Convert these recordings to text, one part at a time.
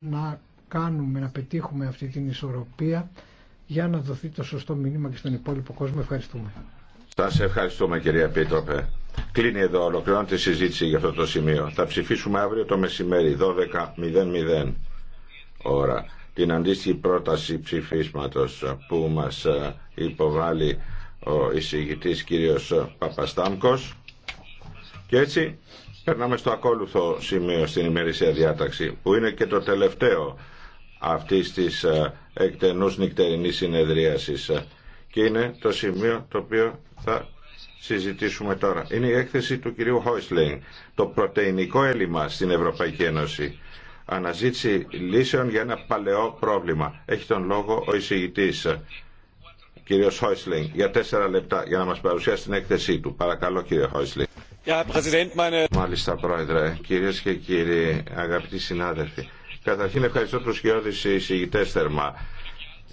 να κάνουμε, να πετύχουμε αυτή την ισορροπία για να δοθεί το σωστό μήνυμα και στον υπόλοιπο κόσμο. Ευχαριστούμε. Σας ευχαριστούμε κυρία Πίτροπε, Κλείνει εδώ, ολοκληρώνω τη συζήτηση για αυτό το σημείο. Θα ψηφίσουμε αύριο το μεσημέρι, 12.00 ώρα, την αντίστοιχη πρόταση ψηφίσματος που μας ε, υποβάλλει ο εισηγητής κύριος Παπαστάμκος. Και έτσι Περνάμε στο ακόλουθο σημείο στην ημερήσια διάταξη, που είναι και το τελευταίο αυτή τη ε, εκτενούς νυχτερινή συνεδρίασης ε, και είναι το σημείο το οποίο θα συζητήσουμε τώρα. Είναι η έκθεση του κυρίου Χόισλεϊν, το πρωτεϊνικό έλλειμμα στην Ευρωπαϊκή Ένωση. Αναζήτηση λύσεων για ένα παλαιό πρόβλημα. Έχει τον λόγο ο εισηγητής, ε, κύριος Χόισλεϊν, για τέσσερα λεπτά για να μας παρουσιάσει την έκθεσή του. Παρακαλώ κύριε Χόισλεϊν. Μάλιστα, Πρόεδρε, κυρίε και κύριοι, αγαπητοί συνάδελφοι. Καταρχήν ευχαριστώ του κοιόδης εισηγητέ θερμά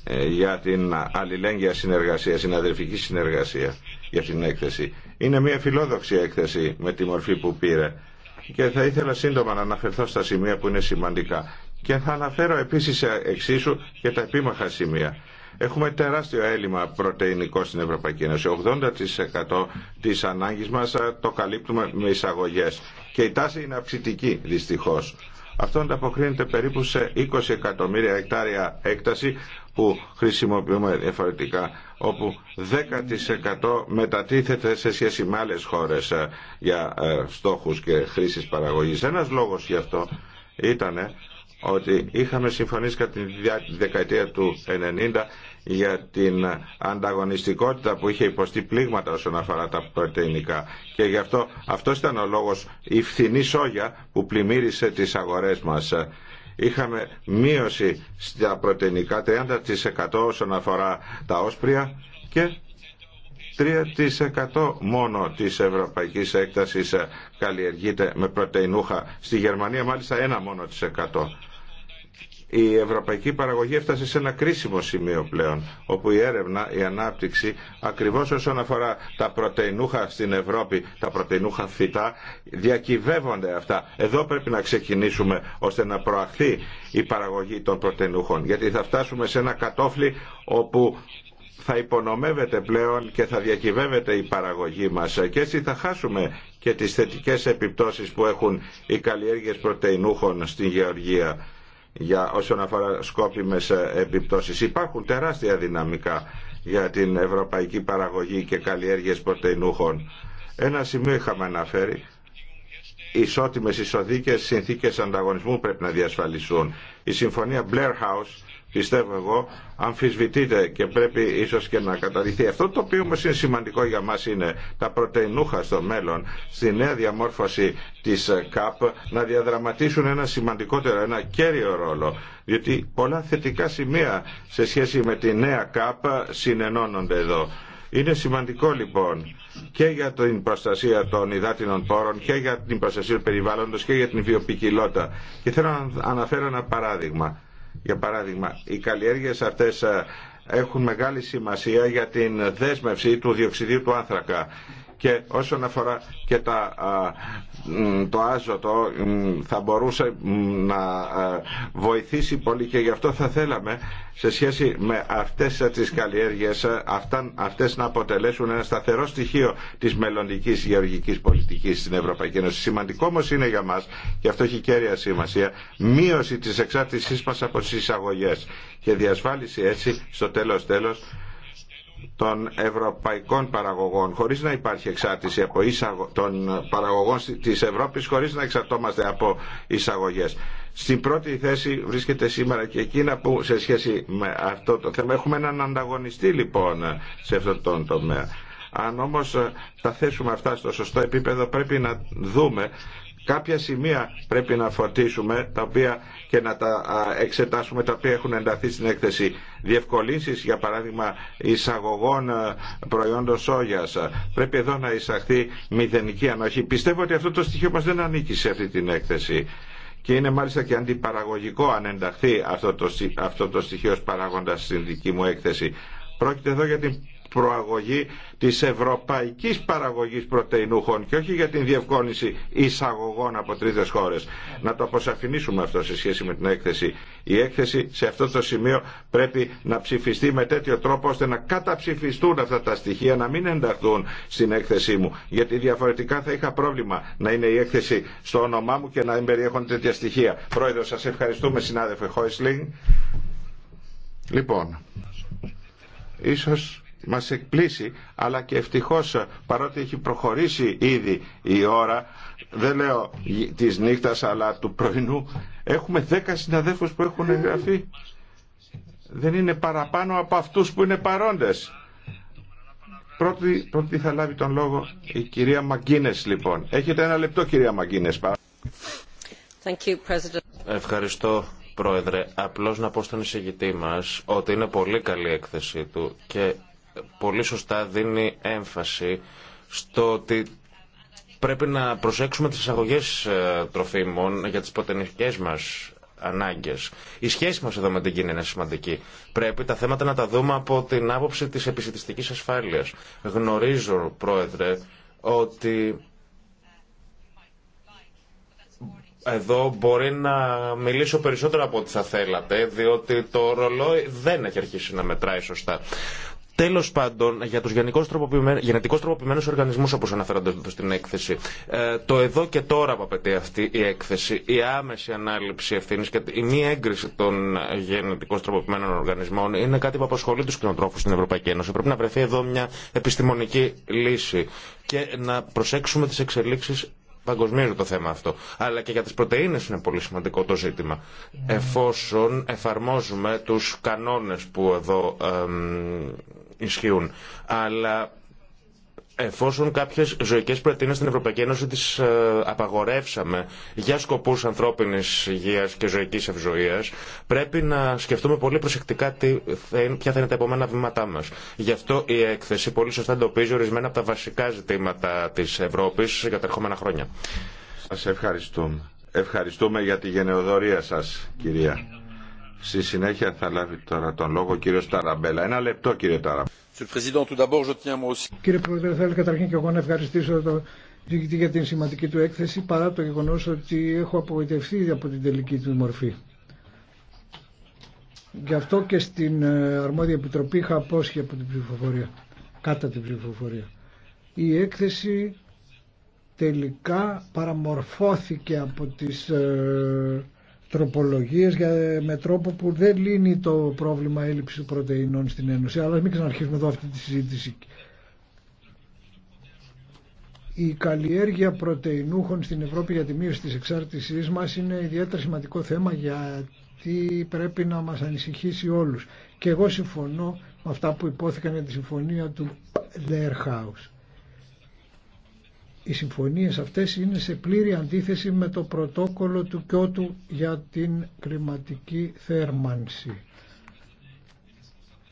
ε, για την αλληλέγγυα συνεργασία, συναδελφική συνεργασία για την έκθεση. Είναι μια φιλόδοξη έκθεση με τη μορφή που πήρε και θα ήθελα σύντομα να αναφερθώ στα σημεία που είναι σημαντικά. Και θα αναφέρω επίσης εξίσου και τα επίμαχα σημεία. Έχουμε τεράστιο έλλειμμα πρωτεϊνικό στην Ευρωπαϊκή Ένωση. 80% της ανάγκης μας ε, το καλύπτουμε με εισαγωγές. Και η τάση είναι αυξητική δυστυχώς. Αυτό ανταποκρίνεται περίπου σε 20 εκατομμύρια εκτάρια έκταση που χρησιμοποιούμε διαφορετικά, όπου 10% μετατίθεται σε σχέση με άλλες χώρες ε, για ε, στόχους και χρήσεις παραγωγής. Ένας λόγος γι' αυτό ήταν ότι είχαμε συμφωνήσει κατά τη δεκαετία του 90 για την ανταγωνιστικότητα που είχε υποστεί πλήγματα όσον αφορά τα πρωτεϊνικά. Και γι' αυτό αυτός ήταν ο λόγος η φθηνή σόγια που πλημμύρισε τις αγορές μας. Είχαμε μείωση στα πρωτεϊνικά 30% όσον αφορά τα όσπρια και 3% μόνο της ευρωπαϊκής έκτασης ε, καλλιεργείται με πρωτεϊνούχα. Στη Γερμανία μάλιστα ένα μόνο της 100. Η ευρωπαϊκή παραγωγή έφτασε σε ένα κρίσιμο σημείο πλέον, όπου η έρευνα, η ανάπτυξη, ακριβώς όσον αφορά τα πρωτεϊνούχα στην Ευρώπη, τα πρωτεϊνούχα φυτά, διακυβεύονται αυτά. Εδώ πρέπει να ξεκινήσουμε ώστε να προαχθεί η παραγωγή των πρωτεϊνούχων, γιατί θα φτάσουμε σε ένα κατόφλι όπου θα υπονομεύεται πλέον και θα διακυβεύεται η παραγωγή μας και έτσι θα χάσουμε και τις θετικές επιπτώσεις που έχουν οι καλλιέργειες πρωτεϊνούχων στην γεωργία για όσον αφορά σκόπιμες επιπτώσεις. Υπάρχουν τεράστια δυναμικά για την ευρωπαϊκή παραγωγή και καλλιέργειες πρωτεϊνούχων. Ένα σημείο είχαμε αναφέρει. Ισότιμες ισοδίκες συνθήκες ανταγωνισμού πρέπει να διασφαλιστούν. Η συμφωνία Blair House πιστεύω εγώ, αμφισβητείται και πρέπει ίσω και να καταληθεί. Αυτό το οποίο όμω είναι σημαντικό για μα είναι τα πρωτεϊνούχα στο μέλλον, στη νέα διαμόρφωση τη ΚΑΠ, να διαδραματίσουν ένα σημαντικότερο, ένα κέριο ρόλο. Διότι πολλά θετικά σημεία σε σχέση με τη νέα ΚΑΠ συνενώνονται εδώ. Είναι σημαντικό λοιπόν και για την προστασία των υδάτινων πόρων και για την προστασία του περιβάλλοντος και για την βιοπικιλότητα. Και θέλω να αναφέρω ένα παράδειγμα. Για παράδειγμα, οι καλλιέργειες αυτές ε, έχουν μεγάλη σημασία για την δέσμευση του διοξιδίου του άνθρακα και όσον αφορά και τα, το άζωτο θα μπορούσε να βοηθήσει πολύ και γι' αυτό θα θέλαμε σε σχέση με αυτές τις καλλιέργειες αυτά, αυτές να αποτελέσουν ένα σταθερό στοιχείο της μελλοντική γεωργικής πολιτικής στην Ευρωπαϊκή Ένωση. Σημαντικό όμω είναι για μας και αυτό έχει κέρια σημασία μείωση της εξάρτησής μας από τις εισαγωγές και διασφάλιση έτσι στο τέλος τέλος των ευρωπαϊκών παραγωγών χωρίς να υπάρχει εξάρτηση από εισαγω... των παραγωγών της Ευρώπης χωρίς να εξαρτώμαστε από εισαγωγές. Στην πρώτη θέση βρίσκεται σήμερα και εκείνα που σε σχέση με αυτό το θέμα έχουμε έναν ανταγωνιστή λοιπόν σε αυτόν τον τομέα. Αν όμως ε, τα θέσουμε αυτά στο σωστό επίπεδο πρέπει να δούμε κάποια σημεία πρέπει να φωτίσουμε τα οποία και να τα εξετάσουμε τα οποία έχουν ενταθεί στην έκθεση. Διευκολύνσεις για παράδειγμα εισαγωγών ε, προϊόντος σόγιας. Πρέπει εδώ να εισαχθεί μηδενική ανοχή. Πιστεύω ότι αυτό το στοιχείο μας δεν ανήκει σε αυτή την έκθεση. Και είναι μάλιστα και αντιπαραγωγικό αν ενταχθεί αυτό το, αυτό το στοιχείο ως παράγοντας στην δική μου έκθεση. Πρόκειται εδώ για την προαγωγή της ευρωπαϊκής παραγωγής πρωτεϊνούχων και όχι για την διευκόλυνση εισαγωγών από τρίτες χώρες. Να το αποσαφηνίσουμε αυτό σε σχέση με την έκθεση. Η έκθεση σε αυτό το σημείο πρέπει να ψηφιστεί με τέτοιο τρόπο ώστε να καταψηφιστούν αυτά τα στοιχεία, να μην ενταχθούν στην έκθεσή μου. Γιατί διαφορετικά θα είχα πρόβλημα να είναι η έκθεση στο όνομά μου και να εμπεριέχονται τέτοια στοιχεία. Πρόεδρο, σας ευχαριστούμε συνάδελφε Χόισλινγκ. Λοιπόν, ίσως μας εκπλήσει, αλλά και ευτυχώς παρότι έχει προχωρήσει ήδη η ώρα, δεν λέω της νύχτας αλλά του πρωινού, έχουμε δέκα συναδέλφους που έχουν εγγραφεί. Δεν είναι παραπάνω από αυτούς που είναι παρόντες. Πρώτη, θα λάβει τον λόγο η κυρία Μαγκίνες λοιπόν. Έχετε ένα λεπτό κυρία Μαγκίνες. Ευχαριστώ Πρόεδρε, απλώς να πω στον εισηγητή μας ότι είναι πολύ καλή η έκθεση του και πολύ σωστά δίνει έμφαση στο ότι πρέπει να προσέξουμε τις εισαγωγές ε, τροφίμων για τις ποτενικές μας ανάγκες. Η σχέση μας εδώ με την Κίνα είναι σημαντική. Πρέπει τα θέματα να τα δούμε από την άποψη της επισητιστικής ασφάλειας. Γνωρίζω, Πρόεδρε, ότι εδώ μπορεί να μιλήσω περισσότερο από ό,τι θα θέλατε, διότι το ρολόι δεν έχει αρχίσει να μετράει σωστά. Τέλο πάντων, για του γενετικώ τροποποιημένου οργανισμού, όπω αναφέρονται στην έκθεση, ε, το εδώ και τώρα που απαιτεί αυτή η έκθεση, η άμεση ανάληψη ευθύνη και η μη έγκριση των γενετικώ τροποποιημένων οργανισμών είναι κάτι που απασχολεί του κτηνοτρόφου στην Ευρωπαϊκή Ένωση. Πρέπει να βρεθεί εδώ μια επιστημονική λύση και να προσέξουμε τι εξελίξει παγκοσμίω το θέμα αυτό. Αλλά και για τι πρωτενε είναι πολύ σημαντικό το ζήτημα. Εφόσον εφαρμόζουμε του κανόνε που εδώ ισχύουν. Αλλά εφόσον κάποιε ζωικές πρωτεΐνες στην Ευρωπαϊκή Ένωση τις ε, απαγορεύσαμε για σκοπού ανθρώπινη υγεία και ζωική ευζοία, πρέπει να σκεφτούμε πολύ προσεκτικά τι ποια θα είναι τα επόμενα βήματά μα. Γι' αυτό η έκθεση πολύ σωστά εντοπίζει ορισμένα από τα βασικά ζητήματα τη Ευρώπη για τα ερχόμενα χρόνια. Σας ευχαριστούμε. Ευχαριστούμε για τη γενεοδορία σας, κυρία. Στη συνέχεια θα λάβει τώρα τον λόγο ο κύριος Ταραμπέλα. Ένα λεπτό κύριε Ταραμπέλα. Κύριε Πρόεδρε, θέλω καταρχήν και εγώ να ευχαριστήσω το διοικητή για την σημαντική του έκθεση παρά το γεγονός ότι έχω απογοητευτεί από την τελική του μορφή. Γι' αυτό και στην ε, αρμόδια επιτροπή είχα απόσχει από την ψηφοφορία, κατά την ψηφοφορία. Η έκθεση τελικά παραμορφώθηκε από τις ε, τροπολογίες για, με τρόπο που δεν λύνει το πρόβλημα έλλειψης πρωτεϊνών στην Ένωση. Αλλά μην ξαναρχίσουμε εδώ αυτή τη συζήτηση. Η καλλιέργεια πρωτεϊνούχων στην Ευρώπη για τη μείωση της εξάρτησής μας είναι ιδιαίτερα σημαντικό θέμα γιατί πρέπει να μας ανησυχήσει όλους. Και εγώ συμφωνώ με αυτά που υπόθηκαν για τη συμφωνία του Δερχάους. Οι συμφωνίες αυτές είναι σε πλήρη αντίθεση με το πρωτόκολλο του Κιώτου για την κλιματική θέρμανση.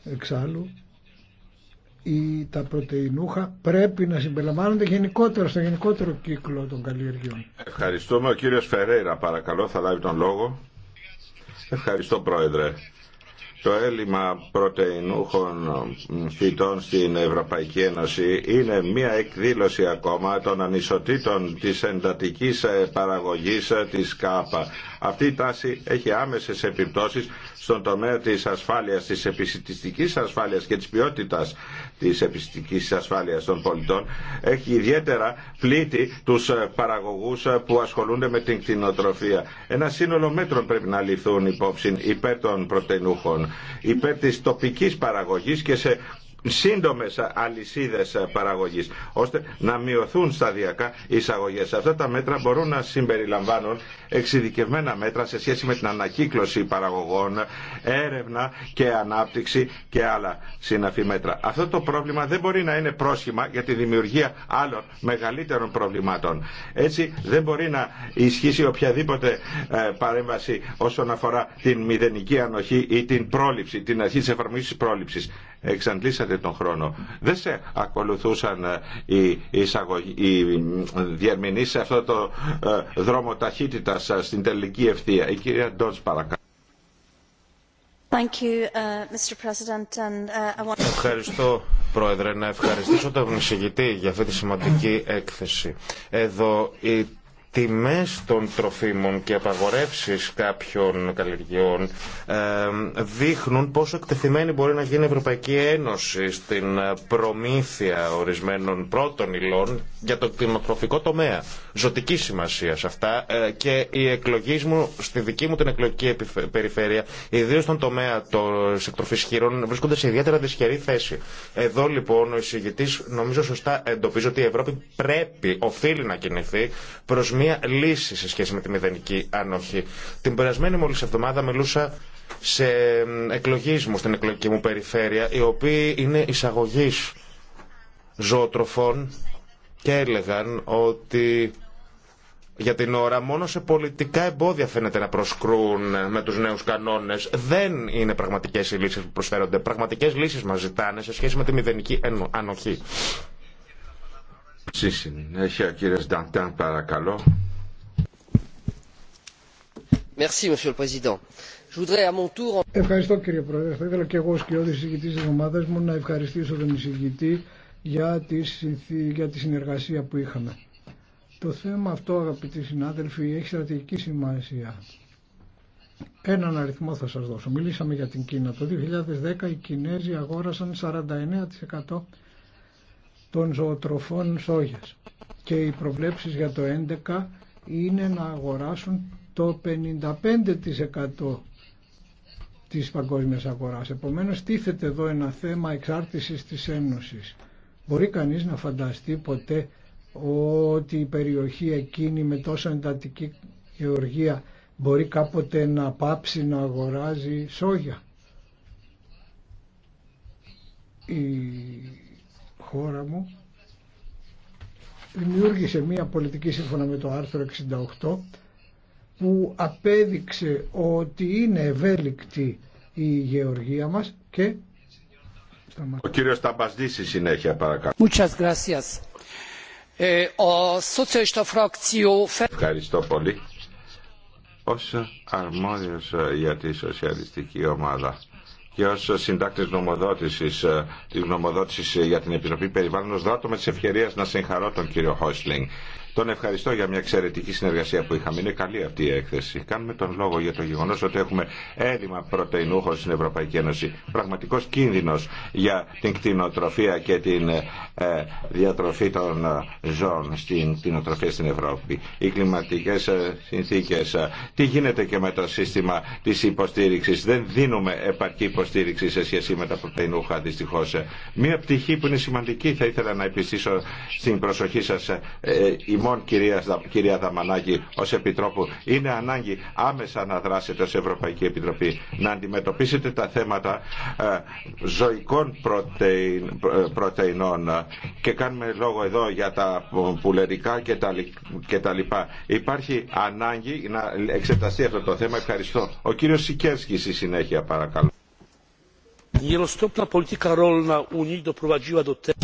Εξάλλου, οι, τα πρωτεϊνούχα πρέπει να συμπεριλαμβάνονται γενικότερα στο γενικότερο κύκλο των καλλιεργειών. Ευχαριστούμε. Ο κύριος Φερέιρα παρακαλώ θα λάβει τον λόγο. Ευχαριστώ πρόεδρε. Το έλλειμμα πρωτεϊνούχων φυτών στην Ευρωπαϊκή Ένωση είναι μία εκδήλωση ακόμα των ανισοτήτων της εντατικής παραγωγής της ΚΑΠΑ αυτή η τάση έχει άμεσες επιπτώσεις στον τομέα της ασφάλειας, της επιστημιστική ασφάλειας και της ποιότητας της επιστημιστική ασφάλειας των πολιτών. Έχει ιδιαίτερα πλήττει τους ε, παραγωγούς ε, που ασχολούνται με την κτηνοτροφία. Ένα σύνολο μέτρων πρέπει να ληφθούν υπόψη υπέρ των πρωτενούχων, υπέρ τη τοπική παραγωγή. και σε σύντομες αλυσίδες παραγωγής ώστε να μειωθούν σταδιακά οι εισαγωγές. Αυτά τα μέτρα μπορούν να συμπεριλαμβάνουν εξειδικευμένα μέτρα σε σχέση με την ανακύκλωση παραγωγών, έρευνα και ανάπτυξη και άλλα συναφή μέτρα. Αυτό το πρόβλημα δεν μπορεί να είναι πρόσχημα για τη δημιουργία άλλων μεγαλύτερων προβλημάτων. Έτσι δεν μπορεί να ισχύσει οποιαδήποτε ε, παρέμβαση όσον αφορά την μηδενική ανοχή ή την πρόληψη, την αρχή της εφαρμογής τη πρόληψης εξαντλήσατε τον χρόνο. Δεν σε ακολουθούσαν ε, οι, εισαγωγοί, οι διερμηνείς σε αυτό το ε, δρόμο ταχύτητας ε, στην τελική ευθεία. Η κυρία Ντότς παρακαλώ. Uh, uh, Ευχαριστώ, Πρόεδρε. Να ευχαριστήσω τον εισηγητή για αυτή τη σημαντική έκθεση. Εδώ η τιμές των τροφίμων και απαγορεύσεις κάποιων καλλιεργειών δείχνουν πόσο εκτεθειμένη μπορεί να γίνει η Ευρωπαϊκή Ένωση στην προμήθεια ορισμένων πρώτων υλών για το κτηνοτροφικό τομέα. Ζωτική σημασία αυτά ε, και οι εκλογέ μου στη δική μου την εκλογική περιφέρεια, ιδίω στον τομέα των εκτροφή χείρων, βρίσκονται σε ιδιαίτερα δυσχερή θέση. Εδώ λοιπόν ο εισηγητή νομίζω σωστά εντοπίζει ότι η Ευρώπη πρέπει, οφείλει να κινηθεί προ μία λύση σε σχέση με τη μηδενική ανοχή. Την περασμένη μόλι εβδομάδα μιλούσα σε εκλογή μου στην εκλογική μου περιφέρεια, οι οποίοι είναι εισαγωγή ζωοτροφών και έλεγαν ότι για την ώρα μόνο σε πολιτικά εμπόδια φαίνεται να προσκρούν με τους νέους κανόνες. Δεν είναι πραγματικές οι λύσεις που προσφέρονται. Πραγματικές λύσεις μας ζητάνε σε σχέση με τη μηδενική ανοχή. Στη συνέχεια κύριε Νταντάν παρακαλώ. Ευχαριστώ κύριε Πρόεδρε. Θα ήθελα και εγώ ως κοιόδης εισηγητής της ομάδας μου να ευχαριστήσω τον εισηγητή για τη συνεργασία που είχαμε. Το θέμα αυτό αγαπητοί συνάδελφοι έχει στρατηγική σημασία. Έναν αριθμό θα σας δώσω. Μιλήσαμε για την Κίνα. Το 2010 οι Κινέζοι αγόρασαν 49% των ζωοτροφών σόγιας και οι προβλέψεις για το 2011 είναι να αγοράσουν το 55% της παγκόσμιας αγοράς. Επομένως τίθεται εδώ ένα θέμα εξάρτησης της Ένωσης. Μπορεί κανείς να φανταστεί ποτέ ότι η περιοχή εκείνη με τόσο εντατική γεωργία μπορεί κάποτε να πάψει να αγοράζει σόγια. Η χώρα μου δημιούργησε μια πολιτική σύμφωνα με το άρθρο 68 που απέδειξε ότι είναι ευέλικτη η γεωργία μας και... Ο κύριος Ταμπασδής συνέχεια παρακαλώ. Ε, Ευχαριστώ πολύ. Όσο αρμόδιος ε, για τη σοσιαλιστική ομάδα και ως συντάκτης νομοδότησης, ε, της νομοδότησης για την Επιτροπή Περιβάλλοντος δράτω με τις να συγχαρώ τον κύριο Χόισλινγκ τον ευχαριστώ για μια εξαιρετική συνεργασία που είχαμε. Είναι καλή αυτή η έκθεση. Κάνουμε τον λόγο για το γεγονό ότι έχουμε έλλειμμα πρωτεϊνούχων στην Ευρωπαϊκή Ένωση. Πραγματικό κίνδυνο για την κτηνοτροφία και την ε, διατροφή των ε, ζώων στην κτηνοτροφία στην Ευρώπη. Οι κλιματικέ ε, συνθήκε. Τι γίνεται και με το σύστημα τη υποστήριξη. Δεν δίνουμε επαρκή υποστήριξη σε σχέση με τα πρωτεϊνούχα δυστυχώ. Μία πτυχή που είναι σημαντική θα ήθελα να επιστήσω στην προσοχή σα Μόνο κυρία, κυρία Δαμανάκη, ως Επιτρόπου, είναι ανάγκη άμεσα να δράσετε ως Ευρωπαϊκή Επιτροπή, να αντιμετωπίσετε τα θέματα ε, ζωικών ε, πρωτεϊνών και κάνουμε λόγο εδώ για τα πουλερικά και τα, και τα Υπάρχει ανάγκη να εξεταστεί αυτό το θέμα. Ευχαριστώ. Ο κύριος Σικέρσκης στη συνέχεια παρακαλώ.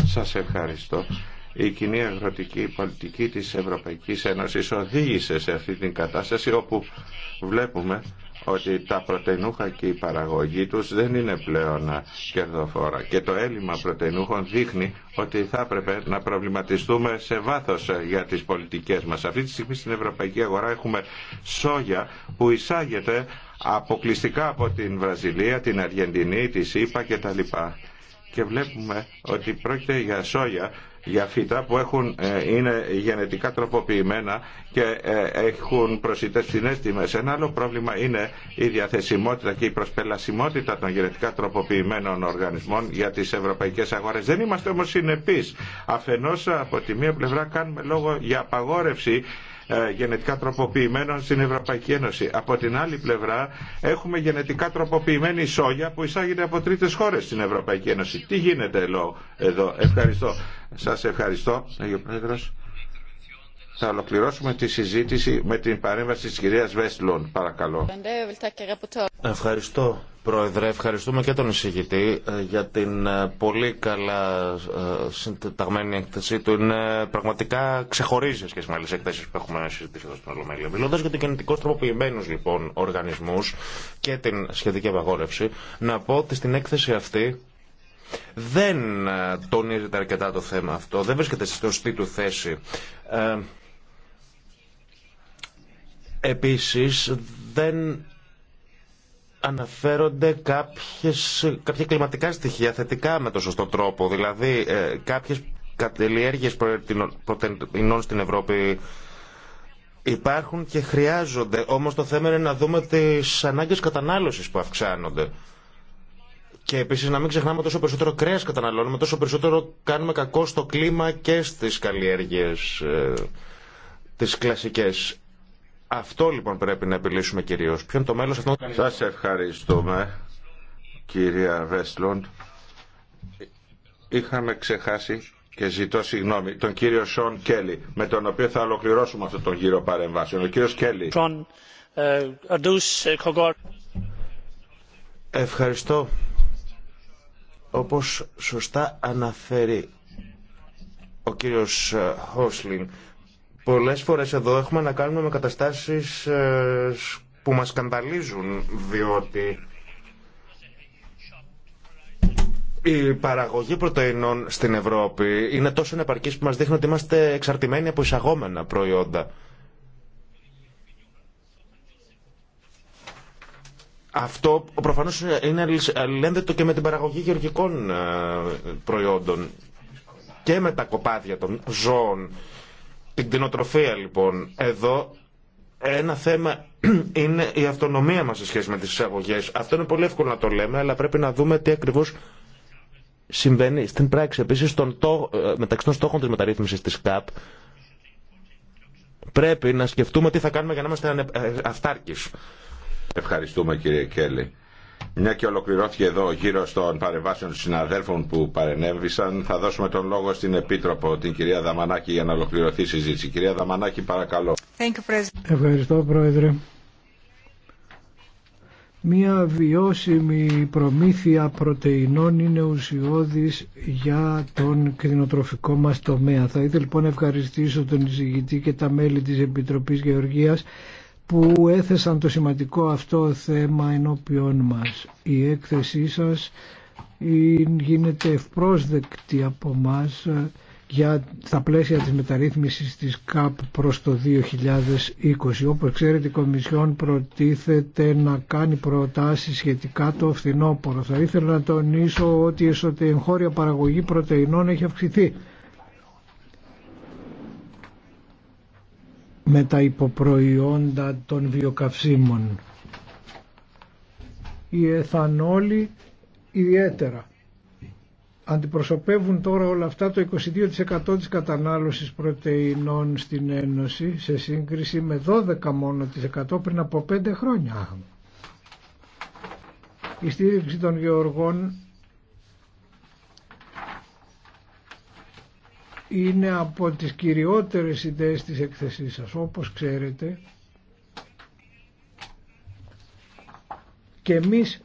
Σας ευχαριστώ η κοινή αγροτική πολιτική της Ευρωπαϊκής Ένωσης οδήγησε σε αυτή την κατάσταση όπου βλέπουμε ότι τα πρωτενούχα και η παραγωγή τους δεν είναι πλέον κερδοφόρα και το έλλειμμα πρωτενούχων δείχνει ότι θα έπρεπε να προβληματιστούμε σε βάθος για τις πολιτικές μας. Αυτή τη στιγμή στην ευρωπαϊκή αγορά έχουμε σόγια που εισάγεται αποκλειστικά από την Βραζιλία, την Αργεντινή, τη ΣΥΠΑ κτλ. Και βλέπουμε ότι πρόκειται για σόγια για φυτά που έχουν, ε, είναι γενετικά τροποποιημένα και ε, έχουν προσιτές φθηνές τιμές. Ένα άλλο πρόβλημα είναι η διαθεσιμότητα και η προσπελασιμότητα των γενετικά τροποποιημένων οργανισμών για τις ευρωπαϊκές αγορές. Δεν είμαστε όμως συνεπείς. Αφενός από τη μία πλευρά κάνουμε λόγο για απαγόρευση ε, γενετικά τροποποιημένων στην Ευρωπαϊκή Ένωση. Από την άλλη πλευρά έχουμε γενετικά τροποποιημένη σόγια που εισάγεται από τρίτες χώρες στην Ευρωπαϊκή Ένωση. Τι γίνεται εδώ. Ευχαριστώ. Σας ευχαριστώ. Θα ολοκληρώσουμε τη συζήτηση με την παρέμβαση της κυρίας Βέσλον. Παρακαλώ. Ευχαριστώ. Πρόεδρε, ευχαριστούμε και τον εισηγητή ε, για την ε, πολύ καλά ε, συνταγμένη εκθεσή του. Είναι πραγματικά ξεχωρίζει σχέση με άλλε εκθέσει που έχουμε συζητήσει εδώ στην Ολομέλεια. Μιλώντα για του κινητικό τροποποιημένου λοιπόν οργανισμού και την σχετική απαγόρευση, να πω ότι στην έκθεση αυτή δεν τονίζεται αρκετά το θέμα αυτό, δεν βρίσκεται στη σωστή του θέση. Επίσης δεν αναφέρονται κάποιες, κάποια κλιματικά στοιχεία θετικά με το σωστό τρόπο. Δηλαδή ε, κάποιες καλλιέργειες πρωτεϊνών στην Ευρώπη υπάρχουν και χρειάζονται. Όμως το θέμα είναι να δούμε τις ανάγκες κατανάλωσης που αυξάνονται. Και επίσης, να μην ξεχνάμε τόσο περισσότερο κρέα καταναλώνουμε, τόσο περισσότερο κάνουμε κακό στο κλίμα και στις καλλιέργειες, ε, τι κλασικέ. Αυτό λοιπόν πρέπει να επιλύσουμε κυρίω. Ποιο είναι το μέλος αυτών των. Σα ευχαριστούμε, κυρία Βέσλοντ. Είχαμε ξεχάσει και ζητώ συγγνώμη τον κύριο Σον Κέλλη, με τον οποίο θα ολοκληρώσουμε αυτό τον γύρο παρεμβάσεων. Ο κύριο Κέλλη. Ε, ε, Ευχαριστώ. Όπως σωστά αναφέρει ο κύριος ε, Χόσλινγκ Πολλές φορές εδώ έχουμε να κάνουμε με καταστάσεις ε, που μας σκανδαλίζουν, διότι η παραγωγή πρωτεϊνών στην Ευρώπη είναι τόσο ανεπαρκής που μας δείχνει ότι είμαστε εξαρτημένοι από εισαγόμενα προϊόντα. Αυτό προφανώς είναι αλληλένδετο και με την παραγωγή γεωργικών ε, προϊόντων και με τα κοπάδια των ζώων. Την κτηνοτροφία λοιπόν. Εδώ ένα θέμα είναι η αυτονομία μας σε σχέση με τις εισαγωγέ. Αυτό είναι πολύ εύκολο να το λέμε, αλλά πρέπει να δούμε τι ακριβώς συμβαίνει στην πράξη. Επίσης, τον το, ε, μεταξύ των στόχων της μεταρρύθμισης της ΚΑΠ, πρέπει να σκεφτούμε τι θα κάνουμε για να είμαστε ε, ε, αυτάρκεις. Ευχαριστούμε κύριε Κέλλη. Μια και ολοκληρώθηκε εδώ ο γύρο των παρεμβάσεων των συναδέλφων που παρενέβησαν, θα δώσουμε τον λόγο στην Επίτροπο, την κυρία Δαμανάκη, για να ολοκληρωθεί η συζήτηση. Κυρία Δαμανάκη, παρακαλώ. Ευχαριστώ, Πρόεδρε. Μία βιώσιμη προμήθεια πρωτεϊνών είναι ουσιώδης για τον κτηνοτροφικό μας τομέα. Θα ήθελα λοιπόν να ευχαριστήσω τον εισηγητή και τα μέλη της Επιτροπής Γεωργίας που έθεσαν το σημαντικό αυτό θέμα ενώπιον μας. Η έκθεσή σας γίνεται ευπρόσδεκτη από μας για τα πλαίσια της μεταρρύθμισης της ΚΑΠ προς το 2020. Όπως ξέρετε η Κομισιόν προτίθεται να κάνει προτάσεις σχετικά το φθινόπωρο. Θα ήθελα να τονίσω ότι η εσωτερική παραγωγή πρωτεϊνών έχει αυξηθεί με τα υποπροϊόντα των βιοκαυσίμων. Οι εθανόλοι ιδιαίτερα αντιπροσωπεύουν τώρα όλα αυτά το 22% της κατανάλωσης πρωτεϊνών στην Ένωση σε σύγκριση με 12 μόνο της 100 πριν από 5 χρόνια. Η στήριξη των γεωργών είναι από τις κυριότερες ιδέες της εκθεσής σας όπως ξέρετε και εμείς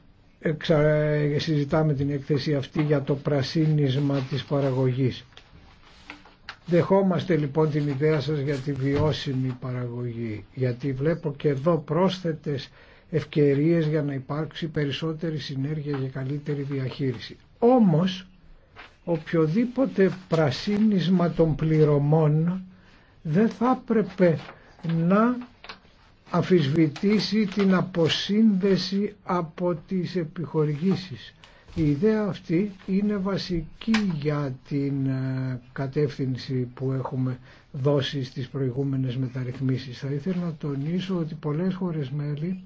συζητάμε την εκθέση αυτή για το πρασίνισμα της παραγωγής δεχόμαστε λοιπόν την ιδέα σας για τη βιώσιμη παραγωγή γιατί βλέπω και εδώ πρόσθετες ευκαιρίες για να υπάρξει περισσότερη συνέργεια για καλύτερη διαχείριση όμως οποιοδήποτε πρασίνισμα των πληρωμών δεν θα έπρεπε να αφισβητήσει την αποσύνδεση από τις επιχορηγήσεις. Η ιδέα αυτή είναι βασική για την ε, κατεύθυνση που έχουμε δώσει στις προηγούμενες μεταρρυθμίσεις. Θα ήθελα να τονίσω ότι πολλές χώρες μέλη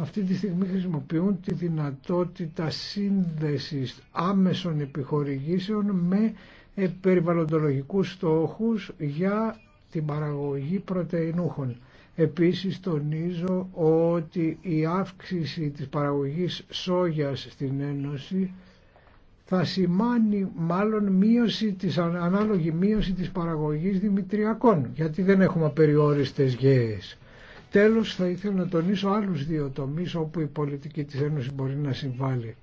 αυτή τη στιγμή χρησιμοποιούν τη δυνατότητα σύνδεσης άμεσων επιχορηγήσεων με περιβαλλοντολογικούς στόχους για την παραγωγή πρωτεϊνούχων. Επίσης τονίζω ότι η αύξηση της παραγωγής σόγιας στην Ένωση θα σημάνει μάλλον μείωση της, ανάλογη μείωση της παραγωγής δημητριακών, γιατί δεν έχουμε περιόριστες γέες. Τέλος θα ήθελα να τονίσω άλλους δύο τομείς όπου η πολιτική της Ένωσης μπορεί να συμβάλλει.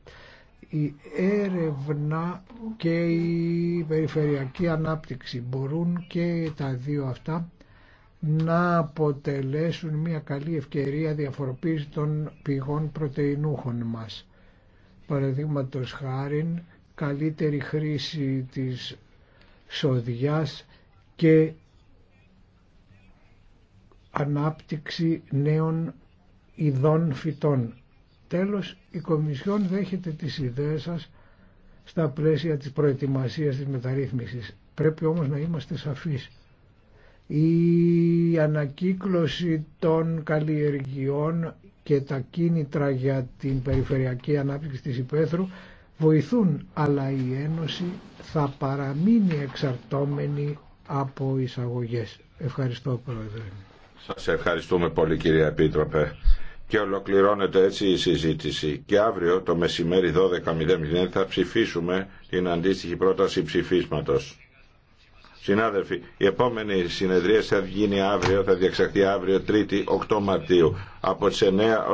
Η έρευνα και η περιφερειακή ανάπτυξη μπορούν και τα δύο αυτά να αποτελέσουν μια καλή ευκαιρία διαφοροποίηση των πηγών πρωτεϊνούχων μας. Παραδείγματο χάρην καλύτερη χρήση της σοδιάς και ανάπτυξη νέων ειδών φυτών. Τέλος, η Κομισιόν δέχεται τις ιδέες σας στα πλαίσια της προετοιμασίας της μεταρρύθμισης. Πρέπει όμως να είμαστε σαφείς. Η ανακύκλωση των καλλιεργειών και τα κίνητρα για την περιφερειακή ανάπτυξη της υπαίθρου βοηθούν, αλλά η Ένωση θα παραμείνει εξαρτώμενη από εισαγωγές. Ευχαριστώ Πρόεδρε. Σας ευχαριστούμε πολύ κυρία Επίτροπε. Και ολοκληρώνεται έτσι η συζήτηση. Και αύριο το μεσημέρι 12.00 θα ψηφίσουμε την αντίστοιχη πρόταση ψηφίσματος. Συνάδελφοι, η επόμενη συνεδρία θα γίνει αύριο, θα διεξαχθεί αύριο 3η 8 Μαρτίου από τις 9